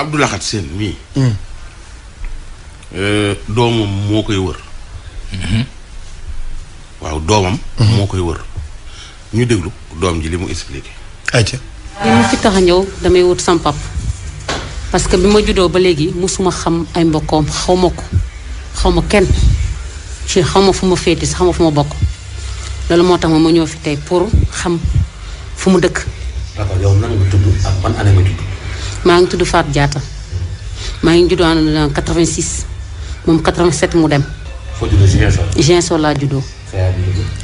Abdoulahat Sène mii. Hmm. Euh, doomam moo koy wër. Hmm. waaw doomam. Hmm. moo koy wër ñu déglu doom ji li mu expliqué. ayca. li mu fi tax njaw damay wut sam pap parce que bi ma juddoo ba léegi mosuma xam ay mbokkoom xaw ma ko xaw ma kenn ci xaw ma fu ma féeti sax xaw ma fu ma bokk loolu moo tax ma ma ñëw fi tey pour xam fu mu dëkk. maa ngi tudd Fatou Diatta maa ngi juddoo en 86 moom 87 mu dem. foo juddoo Ziguinchor. laa juddoo.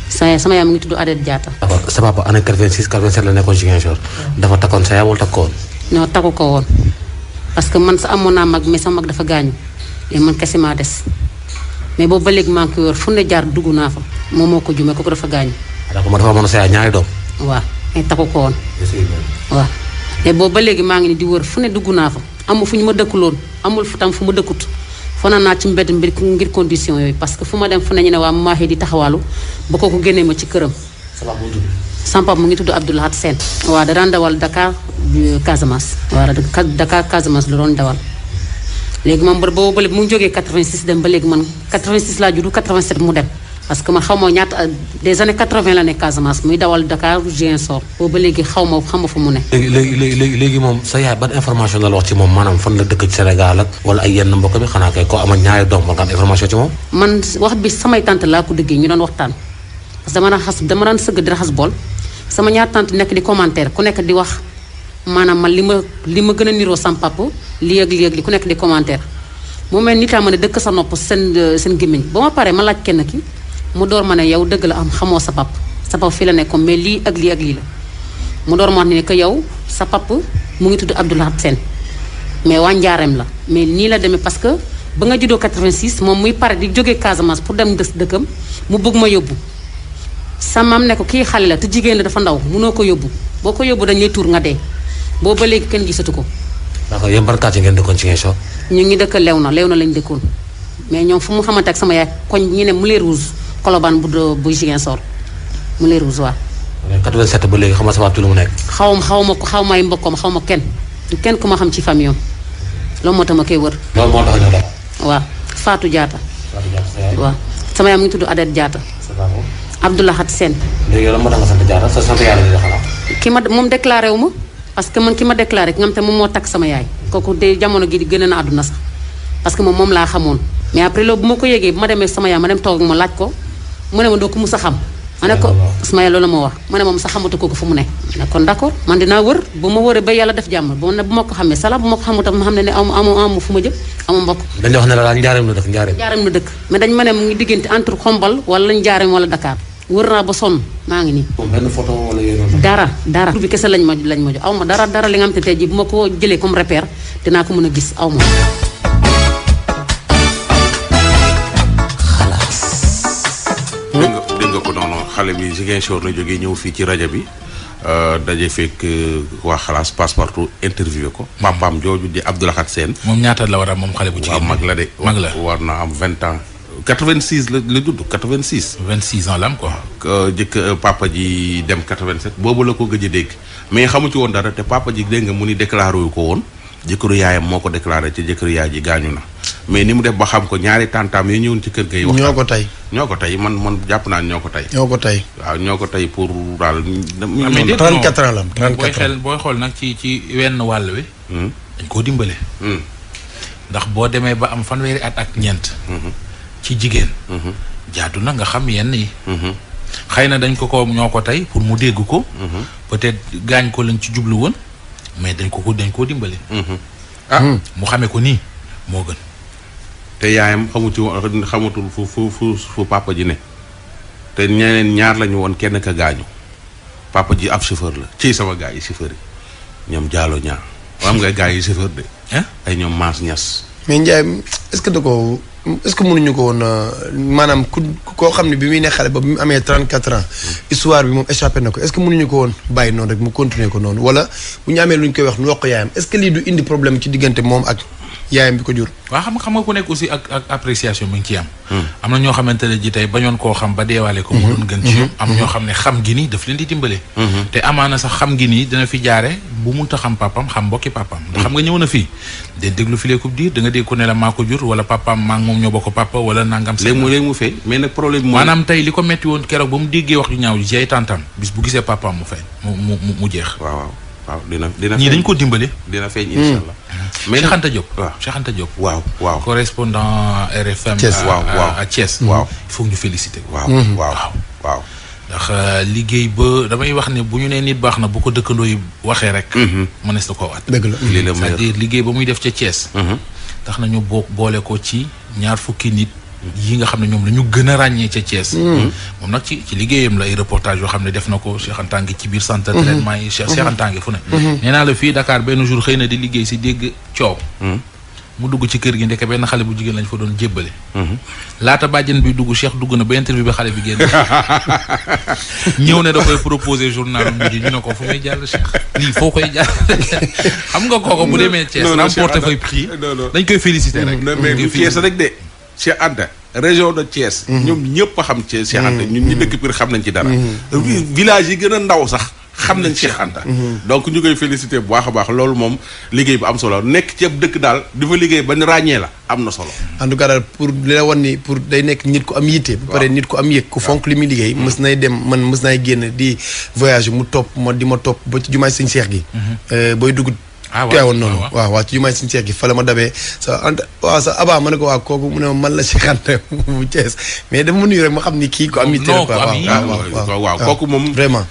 sa sama yaay mu ngi tudd Adet Diatta. Ah, sa papa année 86 87 la nekkoon Ziguinchor. dafa takkoon sa yaay wala takk ko woon. ko woon parce que man sa amoon naa mag mais sama mag dafa gaañu man kese maa des mais boobu ba léegi maa ngi koy fu ne jaar dugg naa fa moom moo ko ko kooku dafa gaañu. Ah, d'accord ma dafa amoon sa yaay ñaari doom. waaw mais takku ko woon. waa te boobu ba léegi maa ngi ne di wër fu ne dugg naa fa amul fu ñu ma dëkkuloon amul fu tam fu ma dëkkut fanaan naa ci mbedd mbir ngir condition yooyu parce que fu ma dem fu ne ñu ne waa maaxee di taxawaalu ba kooku génnee ma ci këram sama mu ngi tudd Abdoulahat Sène waaw da daan dawal Dakar euh, Casamance waaw Dakar Casamance la doon dawal léegi moom ba boobu ba mu jógee dem ba léegi man 86 laa juddu 87 mu dem parce que man xaw ma ñaata euh, des années 80 la nekk Casamance muy dawal Dakar Ziguinchor boobu léegi xaw ma xam ma fu mu ne. léegi léegi moom sa yaay ban information la wax ci moom maanaam fan la dëkk Sénégal ak wala ay yenn mbokk mi xanaa kay ko amal ñaari doom war nga am information ci moom. man wax bi samay tante laa ko déggee ñu doon waxtaan parce que dama daan dama daan sëgg di raxas bool sama ñaar tante nekk di commentaire ku nekk di wax maanaam man li ma li ma gën a niroo sam papa li ak li ak li ku nekk di commentaire mu mel ni taa ma ne dëkk sa nopp seen euh, seen gémmiñ ba ma paree ma laaj ki mu door ma ne yow dëgg la am xamoo sa pap sa pap fii la nekkoon mais lii ak lii ak lii la mu door ma wax ne que yow sa pap mu ngi tudd Abdoulaye Sène mais waa Njaareem la mais nii la demee parce que ba nga juddoo 86 moom muy pare di jóge Casamance pour dem dës dëkkam mu bëgg ma yóbbu sa maam ne ko kii xale la te jigéen la dafa ndaw munoo ko yóbbu boo ko yóbbu dañ lay tuur nga dee boo ba léegi kenn gisatu ko. d'accord yéen ban quartier ngeen dëkkoon ci ñu ngi dëkk lew na lañ dëkkoon mais ñoom fu mu xamante ak sama yaay koñ ñu ne Moulin Rouge. Colobane bu do bu Ziguinchor mu ne Rouge waaw. 87 ba léegi xam nga sama lu mu nekk. xaw ma xaw ma ko xaw ma ay mbokkam xaw ma kenn kenn ku ma xam ci famille am loolu moo tax ma koy wër. loolu moo tax ñu daal. sama yaay ngi tudd Adet Diatta. sa papa. Abdoulahat Sène. léegi lan sa sant yàlla la ki ma moom wu ma que man ki ma déclaré ki nga te moom moo takk sama yaay kooku de jamono gi gën na àdduna sax parce que moom moom laa xamoon mais après loolu bu ma ko yégee bu ma demee sama yaay ma dem toog ma laaj ko mu ne ma doo ko mus a xam. ma ne ko Ismaël loolu moo wax ma ne moom sax xamatu ko ko fu mu ne. ma kon d' man dinaa wër bu ma wëree ba yàlla def jàmm bu ma ko xamee sala tam ma xam ne ne amu amu amu fu ma jëm amu mbokk. dañu wax ne la daal njaareem la dëkk njaareem. njaareem la dëkk mais dañ ma ne mu ngi wala njaareem wala Dakar. wër naa maa ngi nii. benn photo wala yeneen. dara dara. tur bi kese lañ ma lañ ma jox aw ma dara dara li nga am te tey jii bu ma ko jëlee comme repère dinaa ko mën a gis aw xale bi Ziguinchor la jógee ñëw fii ci rajo bi euh, daje fekk euh, waa xalaas Passepartout interviewé ko. Hmm. papaam jooju di Abdou Lahad seen moom ñaata la war moom xale bu ci waaw mag la de mag la war na am vingt ans. 86 la la judd 86. 26 ans la am quoi. Euh, jëkk papa ji dem 87 boobu la ko gëj a dégg mais xamu ci woon dara te papa ji dégg nga mu ni déclaré wu ko woon jëkkëru yaayam moo ko déclaré ci jëkkëru yaay ji gaañu na. mais ni mu def ba xam ko ñaari tantaam yi ñëwoon ci kër ga wax ñoo ko tey ñoo ko tey man man jàpp naa ñoo ko tey ñoo tey ñoo ko tey pour daal ah, trente-quatre ans la booy xel xool nag ci ci wenn wàll wi hmm? dañ koo dimbale hmm. ndax boo demee ba am fanweeri at ak ñeent hmm. ci jigéen jaatu na nga xam yenn yi xëy na dañ ko ko ñoo ko tey pour mu dégg ko peut-être gaañ ko lañ ci jublu woon mais dañ ko ko dañ koo dimbale ah mu xame ko nii moo gën te yaayam xamu ci xamatul fu fu fu papa ji ne te ñeneen ñaar lañu woon kenn ka gaañu papa ji ab chauffeur la ci sama gars yi chauffeur yi ñoom jaalo ñaar am nga gars yi chauffeur de. ay ñoom maas ñas. mais Ndiaye est-ce ko est-ce que mënuñu ko woon maanaam ku koo xam ne bi muy ne xale ba bi mu amee 34 ans histoire bi moom échappé na ko est-ce que mënuñu ko woon bàyyi noonu rek mu continuer ko noonu wala bu ñu amee lu ñu koy wax nu wax ko yaayam est-ce que ci diggante moom ak. yaayam bi ko jur. waa xam nga xam nga ku nekk aussi ak ak appréciation bi nga ciy am. Hmm. am na ñoo xamante ne ji tey bañoon koo xam ba deewaale ko. mu hmm. gën ci yow hmm. am ñoo xam ne xam gi nii daf leen di dimbale. te amaana sax xam gi nii dana fi jaare bu munta xam papam xam mbokki papam ndax xam nga ñëw na fii de déglu fi leekub diir da nga dégg ku ne la maa ko jur wala papam maa ngi moom ñoo ko papa wala nangam. léegi mu léegi mu fay mais nag problème maanaam tey li ko métti woon keroog wax ju ñaaw ji ay tàntam bis bu gisee papaam mu fay mu mu mu jeex. waaw waaw dina dina ñii dañ ko dimbale. dina feeñ incha hmm. allah. mais Cheikh Anta Diop. waaw waaw waaw correspondant RFM. Thiès waaw hmm. waaw waaw il faut ñu féliciter. Hmm. waaw waaw waaw. ndax euh, liggéey ba damay wax ne bu ñu nee nit baax na bu ko dëkkandoo yi waxee rek. mënees na koo at. dëgg la lii la cest à liggéey ba muy def ca Thiès. tax nañu boo boole ko ci ñaar fukki nit. yi nga xam ne ñoom la ñu gën a ràññee ca Thiès. Hmm. Hmm. moom nag ci liggéeyam la ay reportage yoo xam ne def na ko Cheikh Antangue ci biir centre hmm. traitement yi Cheikh Antangue fu ne nee naa la fii Dakar benn jour xëy na di liggéey si dégg coow mu dugg ci kër gi ndeke benn xale bu jigéen lañ fa doon jébbale laata bàjjen bi dugg Cheikh dugg na ba interview bi xale bi génn ñëw ne da koy proposé journal mujj ñu ne ko fu muy jàll Cheikh lii foo koy jàll xam nga kooko bu demee Thiès remporté fay prix dañ koy félicité rek Thiès rek de Cheikh Anta région de Thiès. Mm-hmm. ñoom ñëpp a xam Thiès Cheikh Anta mm-hmm. ñun ñu dëkk biir xam nañ ci dara. Mm-hmm. village yi gën a ndaw sax. xam nañ Cheikh Anta. donc ñu koy félicité bu baax a baax loolu moom liggéey bu am solo nekk ceeb dëkk daal di liggéey ba bañ ràññee la am na solo. en tout cas pour li la ni pour day nekk nit ku am yitte. ba pare nit ku am yëg ku fonk li muy liggéey. mës nay dem man mës nay génn di voyage mu topp ma di ma topp ba ci jumaay sëñ Cheikh gi. Euh, booy dugg. Ah, tuyawoon noonu waaw waaw ci jumaay suñu ceex gi fa la ma dabee sa ant waaw sa abaa ma ne ko waaw kooku mu ne ma man la si xante bu Cees mais dafa ma nuyu rek ma xam ni kii ko am yitte quoi waaw waaw kooku moom naan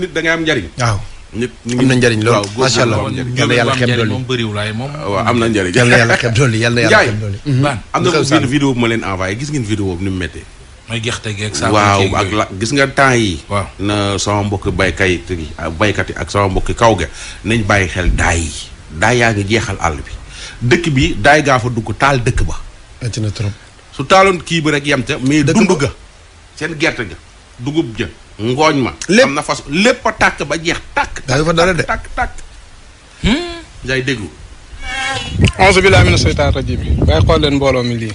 nit da am njariñ waaw nit am na njariñ loolu macha allah yal na yàlla xeeb dool yi waaw am na njariñ yal na yàlla xeeb yal na yàlla na vidéo bu leen envoyé gis ngeen vidéo bu mu méttee mooy gerte gi waaw ak la gis nga temps yi waaw na sama mbokki baykat yi baykat yi ak sama mbokki kaw ga nañ bàyyi xel daay yi daay yaa ngi jeexal àll bi dëkk bi daay gaa fa dugg taal dëkk ba. metti su taaloon kii bi rek yem ca mais dund ga seen gerte ga dugub ja ngooñ ma. lépp na fas lépp a tàkk ba jeex tàkk. daa fa dara de tàkk tàkk. ngay hmm? déglu. auzu billaahi mina seytaani rajiim. waaye xool leen mbooloo mi lii.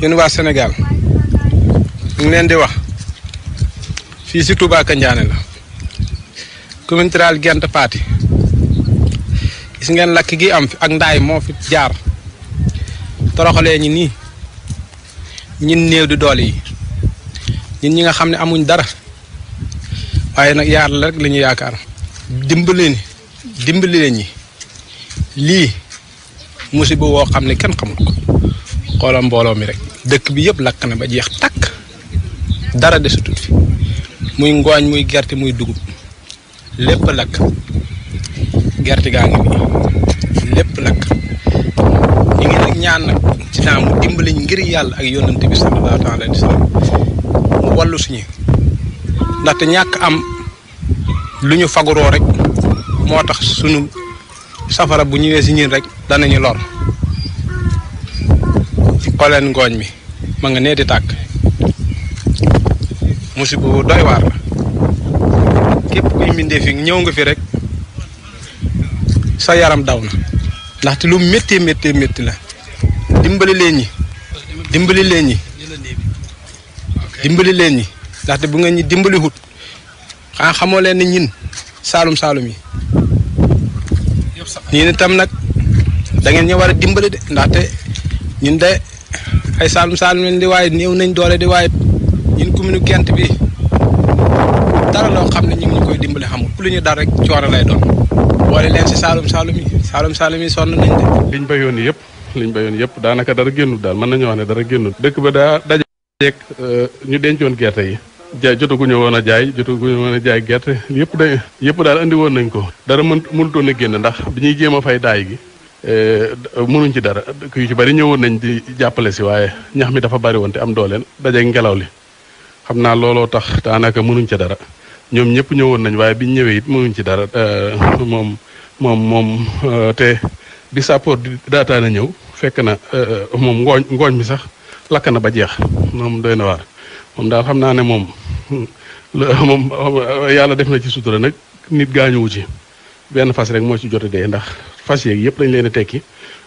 ñun waa Sénégal ñu leen di wax fii si Touba Kandiané la commune gent Gént gis ngeen lakk gi am fi ak ndaay moo fi jaar toroxalee ñi nii ñun néew di doole yi ñun ñi nga xam ne amuñ dara waaye nag yaar la rek la yaakaar dimbali ni dimbali leen ñi lii musiba woo xam ne kenn xamul xoolal mbooloo mi rek dëkk bi yëpp lakk na ba jeex takk dara desutut fi muy ngooñ muy gerte muy dugub lépp lakk gerte gaa ngi nii lépp lakk ñu ngi nag ñaan nag ci naamu dimbali ngir yàlla ak yonante bi sallallahu alayhi wa sallam mu wallu suñu ndaxte ñàkk am lu ñu faguroo rek moo tax sunu safara bu ñëwee si ñun rek danañu lor. xooleen ngooñ mi ma nga nee di tàkk musiba bu waar la képp kuy mbindee ñëw nga fi rek sa yaram daw na ndaxte lu métti métti métti la dimbali leen ñi dimbali leen ñi dimbali ndaxte bu nga ñi dimbali hut xanaa xamoo leen ñin saalum saalum yi ñun itam nag da ngeen war a dimbali de ndaxte ñun de ay saalum saalum leen di waaye niiw nañ doole di waaye ñun commune Gent bi dara loo xam ne ñu ngi ñu koy dimbale xamul ku lu ñu dal rek coono lay doon boole leen si saalum saalum yi saalum saalum yi sonn nañ de. liñ bayoon yëpp liñ bayoon yëpp daanaka dara génnut daal mën nañu wax ne dara génnut dëkk ba daa dajeek euh, ñu dencoon gerte yi. jaay jotaguñu woon a jaay jotaguñu woon a jaay gerte yëpp da yëpp daal indi woon nañ ko. dara mën mënutoon a génn ndax bi ñuy jéem a fay daay gi. Eh, mënuñ ci dara yu ci bari ñëwoon nañ di jàppale si waaye ñax mi dafa bari woon te am dooleen daje ngelaw li xam naa looloo tax daanaka mënuñ ca dara ñoom ñëpp ñëwoon nañ waaye biñ ñëwee it mënuñ ci dara eh, moom moom moom eh, te bi sàppoor di daataan ñëw fekk na moom ngooñ ngooñ mi sax lakk na ba jeex moom doy na waar moom daal xam naa ne moom hmm, moom yàlla def na ci sutura nag nit gaañuwu ci benn fas rek moo ci jot a dee ndax fas yeeg yëpp dañ leen a tekki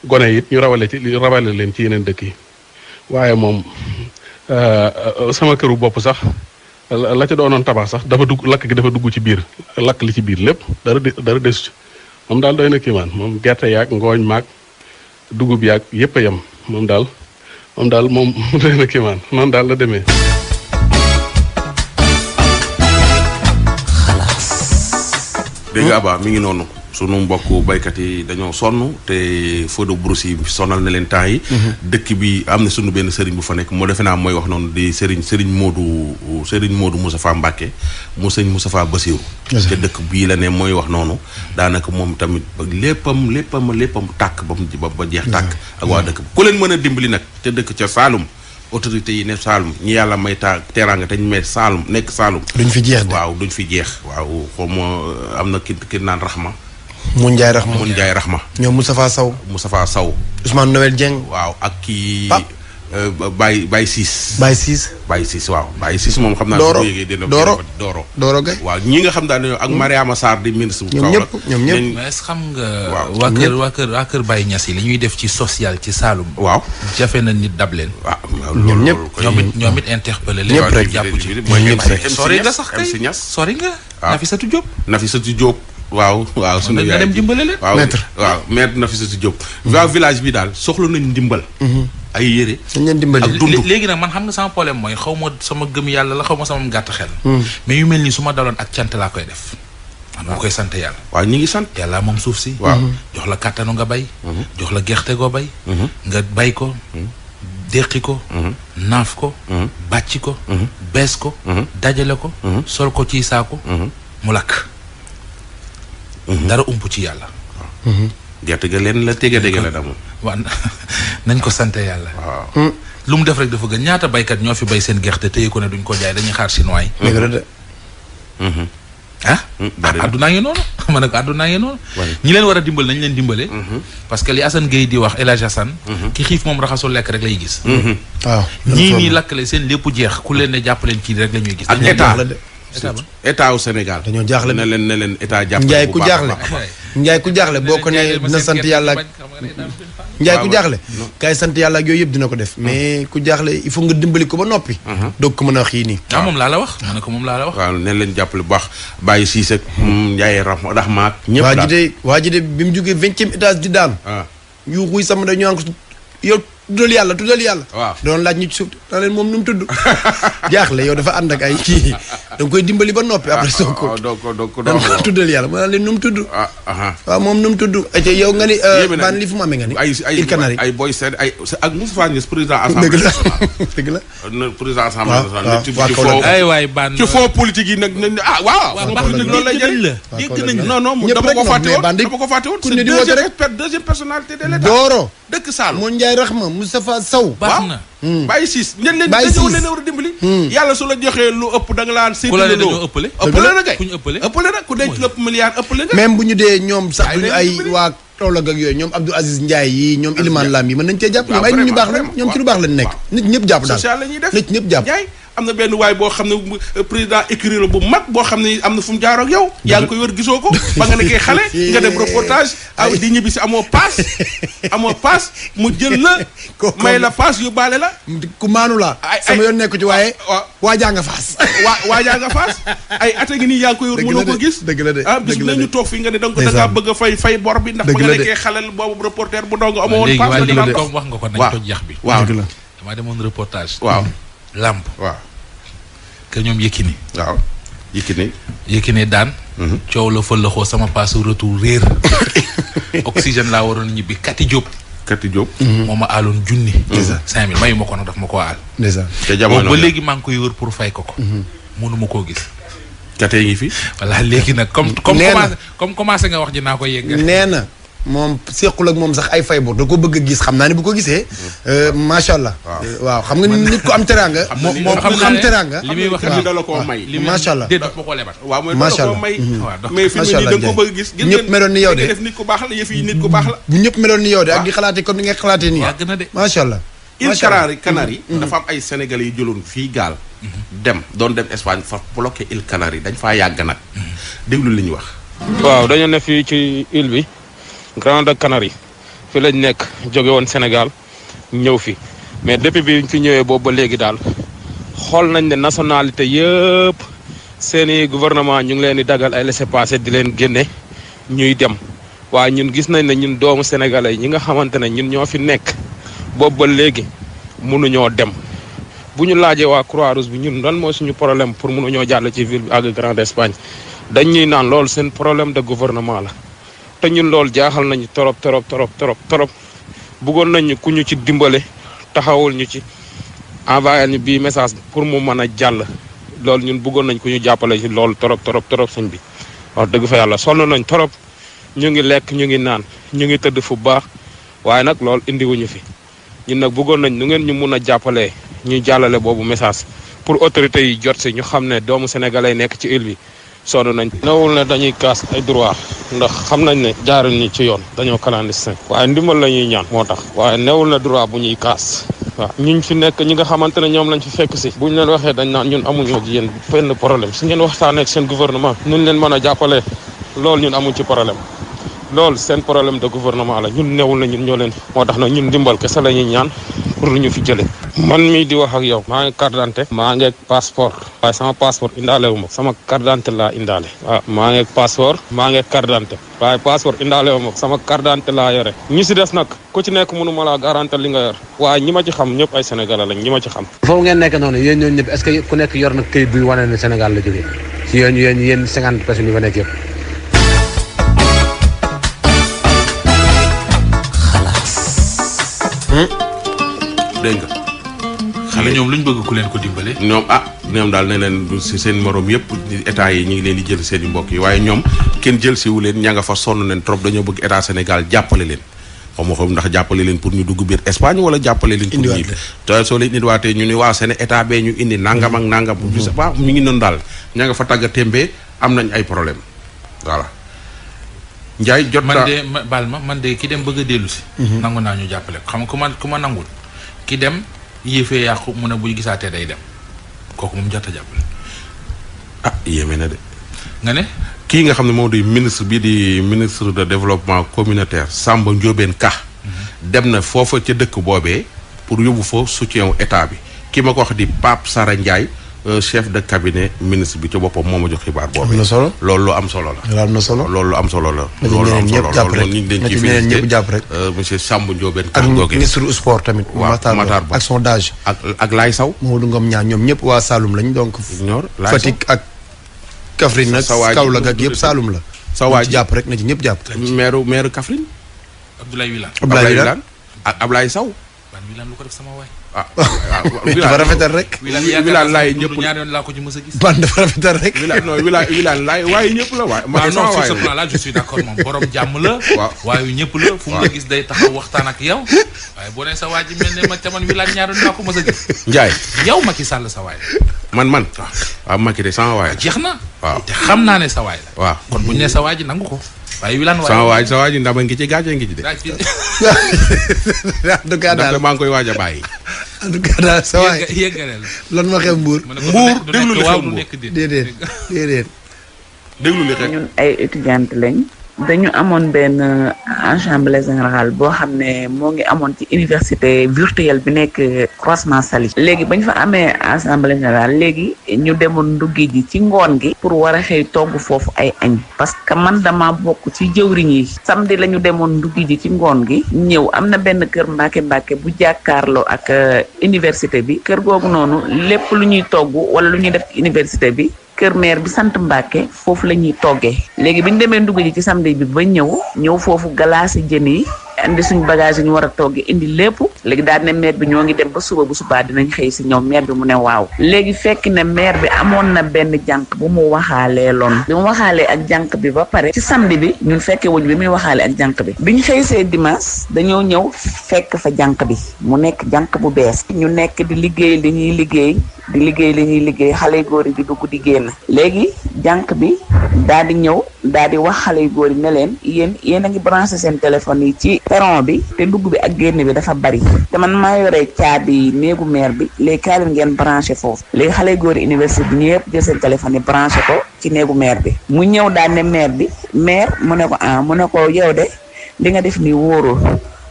gone yit ñu rawale ci rawale leen ci yeneen dëkk yi waaye moom euh, sama këru bopp sax la ca doonoon tabax sax dafa dugg lakk gi dafa dugg ci biir lakk li ci biir lépp dara dara des moom daal doy na kiimaan moom gerte yaag ngooñ maak dugub yaag yëpp a yem moom daal moom daal moom doy na kiimaan noonu daal la demee. dégg nga mu ngi noonu sunu mbokk baykat yi dañoo sonn te feu de brousse yi sonal na leen temps yi mhm. dëkk bi am na sunu benn sëriñ bu fa nekk moo defe naa mooy wax noonu di sëriñ sëriñ Modou sëriñ Modou Moustapha Mbacke mu sëriñ Moustapha Bassirou te dëkk bii la ne mooy wax noonu daanaka moom tamit ba léppam léppam léppam tàkk ba mu ba jeex tàkk ak waa dëkk bi ku leen mën a dimbali nag te dëkk ca Saalum autorités yi ne Saalum ñi yàlla may ta teraanga te ñu may Saalum nekk Saalum. duñ fi jeex de waaw duñ fi jeex. waaw xaw euh, am na ki ki naan Rahma. Mun Ndiaye Rahma Mun Ndiaye Rahma. ñoom Moustapha Sow. Moustapha saw Ousmane Noël Dieng. waaw ak kii. Pape Euh, Baye bàyyi Ciss. Baye Ciss. Baye Ciss waaw Baye Ciss moom xam naa. Doro Doro Doro Doro Gueye. waaw ñi nga xam daal ne ak hmm. Mariama Sarr di ministre bu. ñoom ñëpp ñoom xam nga. waaw waa kër waa kër waa kër Baye Niass yi li ñuy def ci social ci saalum waaw jafe na nit dab leen. waaw ñoom ñëpp ñoom ñoom it interpellé leen. ñëpp rek jàpp ci ñoom ñëpp rek sori nga sax kay sori nga. waaw ah. Nafissatou Diop Nafissatou waaw waaw sunu yaay dem dimbale leen waaw waaw maître Nafissatou Diop waaw village bi daal soxla nañu ndimbal mhm. ay yére dañ leen dimbali ak dund léegi nag man xam nga sama problème mooy xaw ma sama gëm yàlla la xaw ma sama gàtt xel mhm. mais yu mel nii su ma daloon ak cant laa koy def man moo koy sant yàlla waaw ñu ngi sant yàlla moom suuf si waaw mhm. jox la kàttanu nga bay jox la gerte koo bay nga bay ko déqi ko naaf ko bàcci ko bees ko dajale ko sol ko ci saako mu lakk dara ump ci yàlla. gerte ga leen la tege dege la damu. waaw nañ ko sant yàlla. waaw mm. lu mu def rek dafa gën ñaata baykat ñoo fi bay seen gerte téye ko ne duñ ko jaay dañuy xaar chinois yi. dëgg la de. Mm-hmm. ah. Mm, àdduna ngi noonu man a àdduna ngi noonu. ñi leen war a dimbal nañ leen dimbale. Mm-hmm. parce que li Assane Gueye di wax El Hadj Assane. Mm-hmm. ki xiif moom raxasul lekk rek lay gis. waaw ah, ñii nii lakkale seen lépp jeex ku leen ne jàpp leen kii rek la gis. ak état état état wu Sénégal. dañoo jaaxle ne leen ne leen état jàppale. Njaay ku jaaxle Njaay ku jaaxle boo ko nee dina sant yàlla ak. Njaay ku jaaxle. kaay sant yàlla ak yooyu yëpp dina ko def. mais ku jaaxle il faut nga dimbali ko ba noppi. Uh-huh. doog ko mën a wax yii nii. waaw ah, moom laa la wax. ma ko moom laa la wax. waaw ne leen jàppale bu baax bàyyi siis ak. Hmm, Njaay Rahma ak ñëpp daal waa ji de waa ji de bi mu jógee vingtième étage di daan. waaw ah. yuuxuy sama dañu ànd yow. tuddal yàlla tuddal yàlla. waaw doon laaj ñu ci suuf moom nu mu tudd. jaaxle yow dafa ànd ak ay da nga koy dimbali ba noppi après ah, soo ah, ah, ko dama tuddal yàlla ma naan leen nu mu tudd waaw moom nu mu tudd eh, te yow nga ni euh, ban li fu mu amee nga ni ay Canari ay boy seen ay ak Moustapha Niass président assemblée dëgg la dëgg la président assemblée nationale ci foo ay waay ban ci foo politique yi nag ah waaw loolu lay jël la dégg nañ non non dama ko fàtte woon dama ko fàtte woon ku ne di woote rek deuxième personnalité de l'état Doro dëkk Sall moo Ndiaye Rahma Moustapha Sow baax na bàyyi siis ñen leen dañoo leen a war a dimbali hmm. yàlla su la joxee lu ëpp da nga laan séddale loo ëppale ëppale na kay ku ñu ëppale ëpp na ku denc lépp milliard bu ñu dee ñoom sax duñu ay waa Kaolack ak yooyu ñoom Abdou Aziz Ndiaye yi ñoom Ilimane Lam yi mën nañ cee jàpp ñoom ay nit ñu baax la ñoom ci lu baax lañ nekk nit ñëpp jàpp daal nit ñëpp jàpp am na ba ah, paas amoo paas mu jël la may la paas yu baale la ku maanu la sama yoon nekku ci waaye ah, waajaa nga faas waa nga nii yaa ngi koy wër mënoo ko gis ah bis na ñu toog fii nga ne da bëgg a fay fay bor ndax léegi de nekkee xalal boobu reporter bu ndongo amoon paas la daan wax nga ko nañ toj yax bi waaw damaa demoon reportage waaw làmb waaw que ñoom Yékini waaw Yékini Yékini daan mhm. coow la fëllaxoo sama paasu retour réer oxygène laa waroon ñibbi kati Diop kati Diop mhm. moo ma aaloon junni cinq mille mayu ma ko nag daf ma ko aal boobu ba léegi maa ngi koy wër pour fay ko ko mhm. mënuma koo gis kate yi fi voilà léegi nag comme comme commencé nga wax ji naa ko yegg nee na moom sequl ak moom sax ay fay bor da ko bëgg a gis xam naa ne bu ko gisee. Mm-hmm. Euh, macha allah. waaw euh, xam nga nit ku am teraanga. moom xam teraanga. li muy wax ni la allah déet ko may. Mm-hmm. mais fi mu nii da nga ko bëgg a gis. ñëpp meloon ni yow de def nit ku baax la yëf yi nit ku baax la. a de allah. il Canari Canari dafa am ay sénégalais yu jëloon fii gaal. dem doon dem Espagne fa bloqué il Canari dañ faa yàgg nag mm-hmm. déglu li ñu wax. waaw dañoo ne fii ci il bi Grande Canarie fi lañ nekk jóge woon Sénégal ñëw fi mais depuis bi ñu fi ñëwee boobu ba léegi daal xool nañ ne nationalité yëpp seeni gouvernement ñu ngi leen di dagal ay laissez-passer di leen génne ñuy dem waaye ñun gis nañ ne ñun doomu sénégalais yi ñi nga xamante ne ñun ñoo fi nekk boobu ba léegi mënuñoo dem bu ñu laajee waa Croix-Rouge bi ñun lan moo suñu problème pour mënuñoo jàll ci ville bi ak Grande Espagne dañ ñuy naan loolu seen problème de gouvernement la te ñun loolu jaaxal nañu trop trop trop trop trop bëggoon nañu ku ñu ci dimbale taxawul ñu ci avant ñu bii message pour mu mën a jàll loolu ñun buggoon nañ ku ñu jàppale ci loolu trop trop trop sëñ bi wax dëgg fa yàlla sonn nañ trop ñu ngi lekk ñu ngi naan ñu ngi tëdd fu baax waaye nag loolu indiwuñu fi ñun nag buggoon nañ nu ngeen ñu mun a jàppalee ñu jàllale boobu message pour autorités yi jot si ñu xam ne doomu sénégalais nekk ci île bi sonn nañ newul ne dañuy kaas ay droit ndax xam nañ ne jaaruñ ñu ci yoon dañoo clandestin waaye ndimbal la ñuy ñaan moo tax waaye newul na droit bu ñuy kaas waaw ñi fi nekk ñi nga xamante ne ñoom lañ fi fekk si bu ñu leen waxee dañ naan ñun amuñoo ak yéen benn problème su ngeen waxtaanee ak seen gouvernement ñun leen mën a jàppalee loolu ñun amuñ ci problème loolu seen problème de gouvernement la ñun newul na ñun ñoo leen moo tax nag ñun ndimbal kese la ñaan pour lu ñu fi jëlee man mii di wax ak yow maa ngi carte d'identité maa ngi passeport waaye sama passeport indaale wu ma sama carte d'identité laa indaale waaw maa ngi passeport maa ngi carte d'identité waaye passeport indaale wu ma sama carte d'identité laa yore ñi si des nag ku ci nekk mënu ma laa garantir li nga yor waaye ñi ma ci xam ñëpp ay sénégalais lañ ñi ma ci xam foofu ngeen nekk noonu yéen ñooñu ñëpp est-ce que ku nekk yor na këyit buy wane ne Sénégal la jógee si yéen yéen yéen cinquante personnes xalaas hmm? xale ñoom lu ñu bëgg ku leen ko dimbale. ñoom ah ñoom daal leen si seen morom yëpp état yi ñu ngi leen di jël seen i mbokk yi waaye ñoom kenn jël siwu leen nga fa sonn leen trop dañoo bëgg état Sénégal jàppale leen xaw ma xam ndax jàppale leen pour ñu dugg biir Espagne wala jàppale leen pour ñu te soo leen ñu ni waa seen état bee ñu indi nangam ak nangam mm-hmm. sa baax mi ngi noonu daal ña nga fa tàgga am nañ ay problème voilà Ndiaye jot man de baal ma man de ki dem bëgg a dellu si mm-hmm. nangu naa ñu jàppale xam nga ku ma ku ma nangul ki dem yéefee yàqu mu ne buy gisaatee day dem kooku moom jot jàppale. ah yéeme na de. nga ne. kii nga xam ne moom di ministre bi di ministre de développement communautaire Samba Ndiobène Ka. Mm-hmm. dem na foofa ca dëkk boobee pour yóbbu fa soutien wu état bi ki ma ko wax di Pape Sara Ndiaye. Euh, chef de cabinet ministre bi ci boppam moo ma jox xibaar boobu. am na solo loolu lu am solo la. am na solo loolu lu am solo la. loolu am solo la loolu ñu ngi leen ñëpp jàpp rek euh, monsieur Sambou Ndiobène. ak ministre sport tamit. waaw Matar Ba ak sondage. ak ak Laye Sow. Maodo Ngom ñaar ñoom ñëpp waa Saloum lañ donc. ñor Fatick ak Kaffrine nag. Kaolack ak yëpp Saloum la. sa waay jàpp rek na ci ñëpp jàpp. maire maire Kaffrine. Abdoulaye Wilane Abdoulaye Wilane ak Abdoulaye Sow man Wilane lu ko def sama waay. ah mais ah, ah, dafa rafetal rek. Wilane laay ñëpp laa ko ci mës a gis. man dafa rafetal rek. Wilane non Wilane laay waaye ñëpp la waay. ma non sur ce plan là je suis d'accord moom borom jàmm la. waaw waaye ñëpp la. fu mu gis day taxaw waxtaan ak yow. waaye sa waay ji mel ne man tamit Wilane ñaar yoon laa ko mës a gis. Ndiaye yow Macky Sall sa waay man man waaw ah, Macky de sama waay jeex na. waa te xam naa ne sa waay la. waaw kon bu ñu sa waay ji nangu ko. waaye wilaan waay sama waay sa waay ji ndama ngi ci gàcce ngi ci de. en tout cas daal ndaxte maa ngi koy waaj a bàyyi. en tout sa waay lan ma xew mbuur. mbuur déglu li xew mbuur déedéet déedéet. déglu li xew ñun ay étudiante lañ. dañu amoon benn euh, assemblée générale boo xam ne moo ngi amoon ci université virtuelle bi nekk euh, croisement Saly léegi bañ fa amee assemblée générale léegi ñu demoon nduggi ji ci ngoon gi pour war a xëy togg foofu ay añ parce que man dama bokk ci jëwriñ yi samedi la ñu demoon nduggi ji ci ngoon gi ñëw am na benn kër mbàkke mbàkke bu jàkkaarloo ak euh, université bi kër googu noonu lépp lu ñuy togg wala lu ñuy def ci université bi kër meer bi sant Mbàkke foofu la ñuy toggee léegi bi ñu demee ndugg ji ci samedi bi ba ñëw ñëw foofu galaasi jën yi indi suñ bagage yi ñu war a togg indi lépp léegi daal ne maire bi ñoo ngi dem ba suba bu subaa dinañ xëy si ñoom maire bi mu ne waaw léegi fekk ne maire bi amoon na benn jànq bu mu waxaalee loon bi mu waxaalee ak jànq bi ba pare ci bi ñun fekkee wuñ muy waxaale ak jànq bi biñ xëy see dimanche dañoo ñëw fekk fa jànq bi mu nekk jànq bu bees ñu nekk di liggéey li ñuy liggéey di liggéey li ñuy liggéey xale góor yi di dugg di génn léegi jànq bi daal di ñëw daal di wax xale góor yi ne leen yéen yéen a ngi branché seen téléphone yi ci peron bi te dugg bi ak génn bi dafa bari te man maa yore caabi néegu maire bi léegi kaay ngeen branché foofu léegi xale góori université bi ñëpp jël seen téléphone yi branché ko ci néegu maire bi mu ñëw daan ne maire bi maire mu ne ko ah mu ne ko yow de li nga def nii wóorul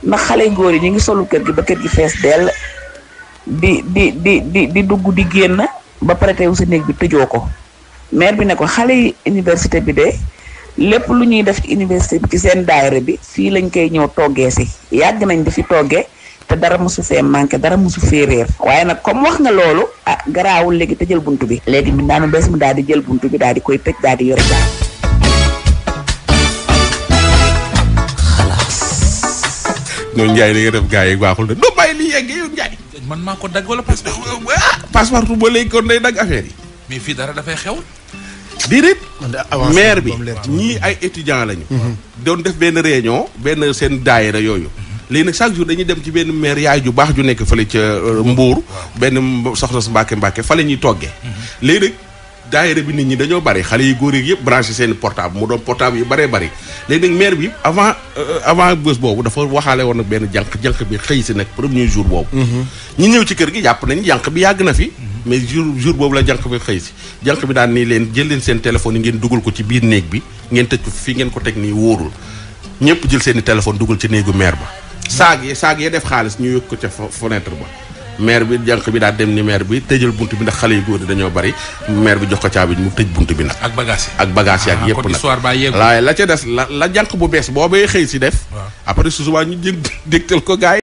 ndax xale góor yi ñu ngi solu kër gi ba kër gi fees dell di di di di di dugg di génn ba pare teew néeg bi tëjoo ko maire bi ne ko xale yi université bi de. lépp lu ñuy def ci université bi ci seen daayira bi fii lañ koy ñëw toggee si yàgg nañ di fi toggee te dara mosu fee manqué dara mosu fee waaye nag comme wax nga loolu ah garaawul léegi te jël bunt bi léegi mbindaanu bees mi daal di jël bunt bi daal di koy tëj daal di yore daal. ñoom yi baaxul de doo bàyyi li man maa ko dagg wala passeport. Ah, passeport ba léegi kon day dagg affaire yi. mais fii dara dafay xew. dirib maire bi ñii ay étudiants lañu. Mhm. doon def benn réunion benn seen daayira yooyu. Mhm. léegi nag chaque jour dañuy dem ci benn maire yaay ju baax ju nekk fële ca euh, Mbour. benn soxna su Mbàkke Mbàkke fa la ñuy toggee. Mhm. léegi nag daayira bi nit ñi dañoo bari xale yu góor yi yëpp branché seen portable mu doon portable yu baree bari. léegi nag maire bi avant euh, avant bés boobu dafa waxaale woon nag benn jànq jànq bi xëy si nag premier jour boobu. ñi ñëw ci kër gi jàpp nañ jànq bi yàgg na fi. mais jour jour boobu la jànq bi xëy si jànq bi daan nii leen jël leen seen téléphone yi ngeen dugal ko ci biir néeg bi ngeen tëj ko fii ngeen ko teg nii wóorul ñëpp jël seen i téléphone dugal ci néegu maire ba saag yi saag ya def xaalis ñu yëg ko ca fenêtre ba maire bi jànq bi daal dem ni maire bi tëjal bunt bi ndax xale yu góor yi dañoo bari maire bi jox ko caabi mu tëj bunt bi nag. ak bagages yi ak bagages yi ak ah, yëpp nag waaye la ca des la la jànq bu bees boobee xëy si def. après su subaa ñu dégtal ko gaay